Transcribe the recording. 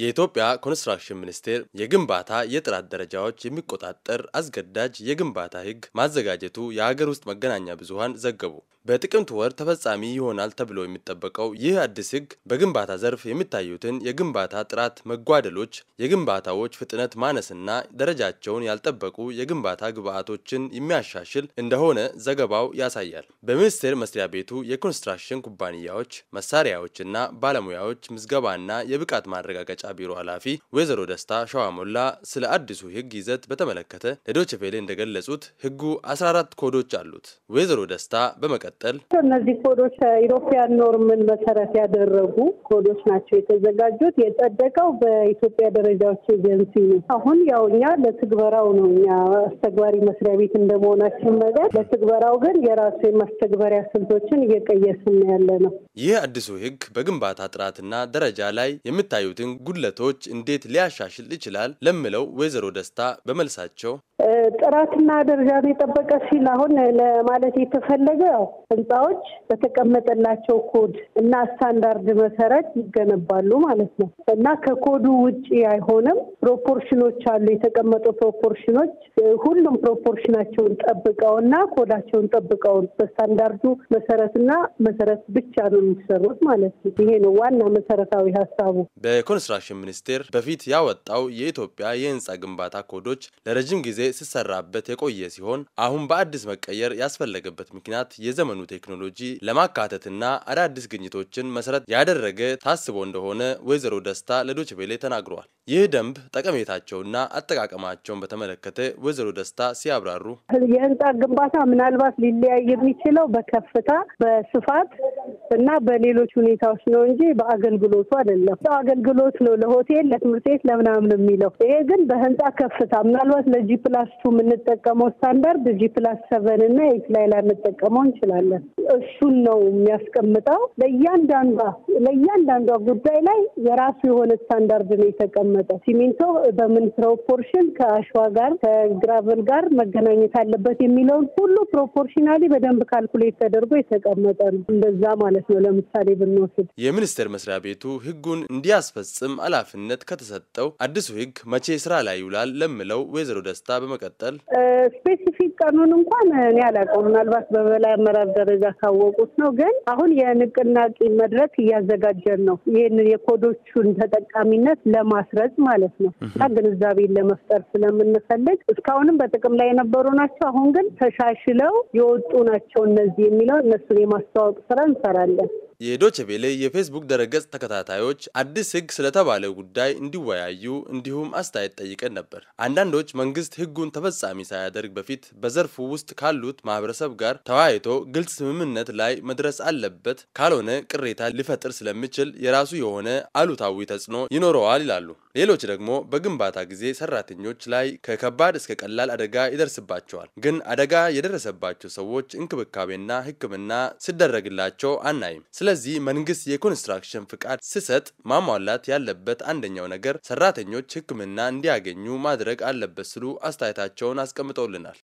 የኢትዮጵያ ኮንስትራክሽን ሚኒስቴር የግንባታ የጥራት ደረጃዎች የሚቆጣጠር አስገዳጅ የግንባታ ሕግ ማዘጋጀቱ የሀገር ውስጥ መገናኛ ብዙኃን ዘገቡ። በጥቅምት ወር ተፈጻሚ ይሆናል ተብሎ የሚጠበቀው ይህ አዲስ ሕግ በግንባታ ዘርፍ የሚታዩትን የግንባታ ጥራት መጓደሎች፣ የግንባታዎች ፍጥነት ማነስና ደረጃቸውን ያልጠበቁ የግንባታ ግብዓቶችን የሚያሻሽል እንደሆነ ዘገባው ያሳያል። በሚኒስቴር መስሪያ ቤቱ የኮንስትራክሽን ኩባንያዎች መሳሪያዎችና ባለሙያዎች ምዝገባና የብቃት ማረጋገጫ ቢሮ ኃላፊ ወይዘሮ ደስታ ሸዋሞላ ስለ አዲሱ ህግ ይዘት በተመለከተ ለዶይቼ ቬለ እንደገለጹት ህጉ 14 ኮዶች አሉት። ወይዘሮ ደስታ በመቀጠል እነዚህ ኮዶች ከኢሮፒያን ኖርምን መሰረት ያደረጉ ኮዶች ናቸው የተዘጋጁት። የጸደቀው በኢትዮጵያ ደረጃዎች ኤጀንሲ ነው። አሁን ያው እኛ ለትግበራው ነው እኛ አስተግባሪ መስሪያ ቤት እንደመሆናችን መጠን ለትግበራው ግን የራሱ የማስተግበሪያ ስልቶችን እየቀየስን ያለ ነው። ይህ አዲሱ ህግ በግንባታ ጥራትና ደረጃ ላይ የሚታዩትን ጉድለቶች እንዴት ሊያሻሽል ይችላል ለምለው ወይዘሮ ደስታ በመልሳቸው ጥራትና ደረጃን የጠበቀ ሲል አሁን ለማለት የተፈለገ ያው ህንፃዎች በተቀመጠላቸው ኮድ እና ስታንዳርድ መሰረት ይገነባሉ ማለት ነው እና ከኮዱ ውጭ አይሆንም። ፕሮፖርሽኖች አሉ፣ የተቀመጡ ፕሮፖርሽኖች ሁሉም ፕሮፖርሽናቸውን ጠብቀውና ኮዳቸውን ጠብቀው በስታንዳርዱ መሰረትና መሰረት ብቻ ነው የሚሰሩት ማለት ነው። ይሄ ነው ዋና መሰረታዊ ሀሳቡ። በኮንስትራክሽን ሚኒስቴር በፊት ያወጣው የኢትዮጵያ የህንፃ ግንባታ ኮዶች ለረጅም ጊዜ ሲሰራበት የቆየ ሲሆን አሁን በአዲስ መቀየር ያስፈለገበት ምክንያት የዘመኑ ቴክኖሎጂ ለማካተትና አዳዲስ ግኝቶችን መሰረት ያደረገ ታስቦ እንደሆነ ወይዘሮ ደስታ ለዶችቤሌ ተናግረዋል። ይህ ደንብ ጠቀሜታቸውና አጠቃቀማቸውን በተመለከተ ወይዘሮ ደስታ ሲያብራሩ የህንጻ ግንባታ ምናልባት ሊለያይ የሚችለው በከፍታ በስፋት እና በሌሎች ሁኔታዎች ነው እንጂ በአገልግሎቱ አይደለም። አገልግሎት ነው ለሆቴል፣ ለትምህርት ቤት፣ ለምናምን የሚለው ይሄ ግን በህንጻ ከፍታ ምናልባት ለጂ ፕላስ ቱ የምንጠቀመው ስታንዳርድ ጂ ፕላስ ሰቨን እና ኤት ላይ ላንጠቀመው እንችላለን። እሱን ነው የሚያስቀምጠው። ለእያንዳንዷ ለእያንዳንዷ ጉዳይ ላይ የራሱ የሆነ ስታንዳርድ ነው የተቀመጠ ተቀመጠ። ሲሚንቶ በምን ፕሮፖርሽን ከአሸዋ ጋር ከግራቨል ጋር መገናኘት አለበት የሚለውን ሁሉ ፕሮፖርሽናሊ በደንብ ካልኩሌት ተደርጎ የተቀመጠ ነው። እንደዛ ማለት ነው። ለምሳሌ ብንወስድ የሚኒስቴር መስሪያ ቤቱ ህጉን እንዲያስፈጽም ኃላፊነት ከተሰጠው አዲሱ ህግ መቼ ስራ ላይ ይውላል ለምለው ወይዘሮ ደስታ በመቀጠል ስፔሲፊክ ቀኑን እንኳን እኔ አላውቀውም። ምናልባት በበላይ አመራር ደረጃ ካወቁት ነው። ግን አሁን የንቅናቄ መድረክ እያዘጋጀን ነው። ይህንን የኮዶቹን ተጠቃሚነት ለማስረ ገጽ ማለት ነው እና ግንዛቤን ለመፍጠር ስለምንፈልግ እስካሁንም በጥቅም ላይ የነበሩ ናቸው። አሁን ግን ተሻሽለው የወጡ ናቸው እነዚህ የሚለው እነሱን የማስተዋወቅ ስራ እንሰራለን። የዶቼ የፌስቡክ ድረገጽ ተከታታዮች አዲስ ሕግ ስለተባለ ጉዳይ እንዲወያዩ እንዲሁም አስተያየት ጠይቀን ነበር። አንዳንዶች መንግስት ሕጉን ተፈጻሚ ሳያደርግ በፊት በዘርፉ ውስጥ ካሉት ማህበረሰብ ጋር ተወያይቶ ግልጽ ስምምነት ላይ መድረስ አለበት፣ ካልሆነ ቅሬታ ሊፈጥር ስለሚችል የራሱ የሆነ አሉታዊ ተጽዕኖ ይኖረዋል ይላሉ። ሌሎች ደግሞ በግንባታ ጊዜ ሰራተኞች ላይ ከከባድ እስከ ቀላል አደጋ ይደርስባቸዋል፣ ግን አደጋ የደረሰባቸው ሰዎች እንክብካቤና ሕክምና ሲደረግላቸው አናይም። ስለዚህ መንግስት የኮንስትራክሽን ፍቃድ ሲሰጥ ማሟላት ያለበት አንደኛው ነገር ሰራተኞች ሕክምና እንዲያገኙ ማድረግ አለበት ሲሉ አስተያየታቸውን አስቀምጠውልናል።